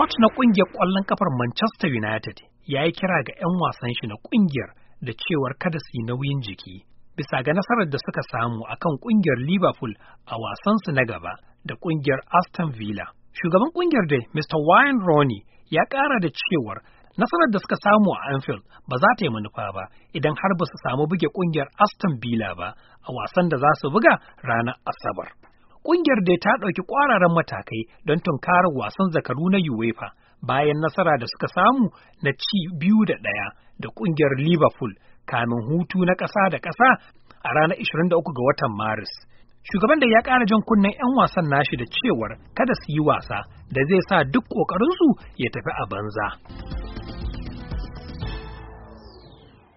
Kot na ƙungiyar ƙwallon kafar Manchester United ya yi kira ga 'yan wasan shi na ƙungiyar da cewar kada su yi nauyin jiki bisa ga nasarar da suka samu a kan ƙungiyar Liverpool a wasansu na gaba da ƙungiyar Aston Villa. Shugaban ƙungiyar dai Mr. Wayne Rooney ya ƙara da cewar nasarar da suka samu a Anfield ba za ta yi manufa ba idan har ba su samu buge ƙungiyar Aston Villa ba a wasan da za su buga ranar Asabar. Ƙungiyar dai ta ɗauki ƙwararan matakai don tunkarar wasan zakaru na UEFA bayan nasara da suka samu na ci biyu da ɗaya da ƙungiyar Liverpool kamin hutu na ƙasa da ƙasa a ranar 23 ga watan Maris. Shugaban da ya ƙara jan kunnen 'yan wasan nashi da cewar kada su yi wasa da zai sa duk ƙoƙarinsu ya tafi a banza.